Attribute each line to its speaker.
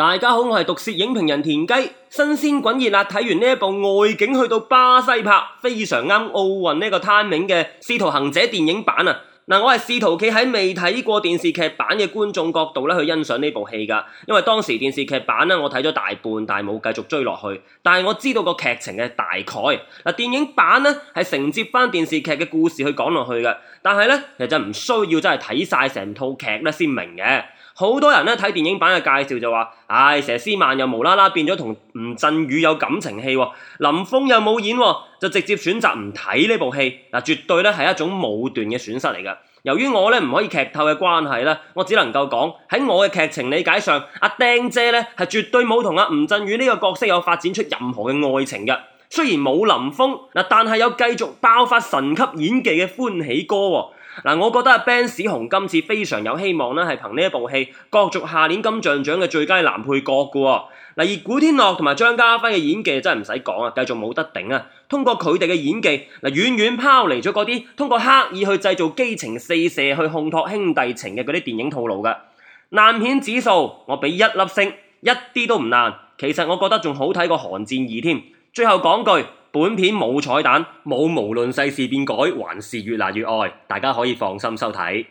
Speaker 1: 大家好，我係讀攝影評人田雞，新鮮滾熱辣，睇完呢部外景去到巴西拍，非常啱奧運呢個 timing 嘅《使徒行者》電影版啊！嗯、我係試圖企喺未睇過電視劇版嘅觀眾角度去欣賞呢部戲㗎，因為當時電視劇版我睇咗大半，但係冇繼續追落去。但係我知道個劇情嘅大概。嗱、嗯，電影版咧係承接翻電視劇嘅故事講下去講落去嘅，但係呢，其實唔需要真係睇曬成套劇咧先明嘅。好多人咧睇電影版嘅介紹就話，唉、哎，佘詩曼又無啦啦變咗同吳鎮宇有感情戲，林峯又冇演，就直接選擇唔睇呢部戲。嗱、嗯，絕對咧係一種武斷嘅損失嚟嘅。由於我咧唔可以劇透嘅關係咧，我只能夠講，喺我嘅劇情理解上，阿、啊、丁姐咧係絕對冇同阿吳鎮宇呢個角色有發展出任何嘅愛情嘅。雖然冇林峯，但係有繼續爆發神級演技嘅《歡喜哥、哦》喎。啊、我覺得阿、啊、Benz 雄今次非常有希望咧，係憑呢部戲角逐下年金像獎嘅最佳男配角喎。而古天樂同埋張家輝嘅演技真係唔使講啊，繼續冇得頂啊。通過佢哋嘅演技，嗱、啊、遠遠拋離咗嗰啲通過刻意去製造基情四射去烘托兄弟情嘅嗰啲電影套路嘅。爛片指數，我俾一粒星，一啲都唔爛。其實我覺得仲好睇過《寒戰二》添。最後講句。本片冇彩蛋，冇無論世事變改，還是越難越愛，大家可以放心收睇。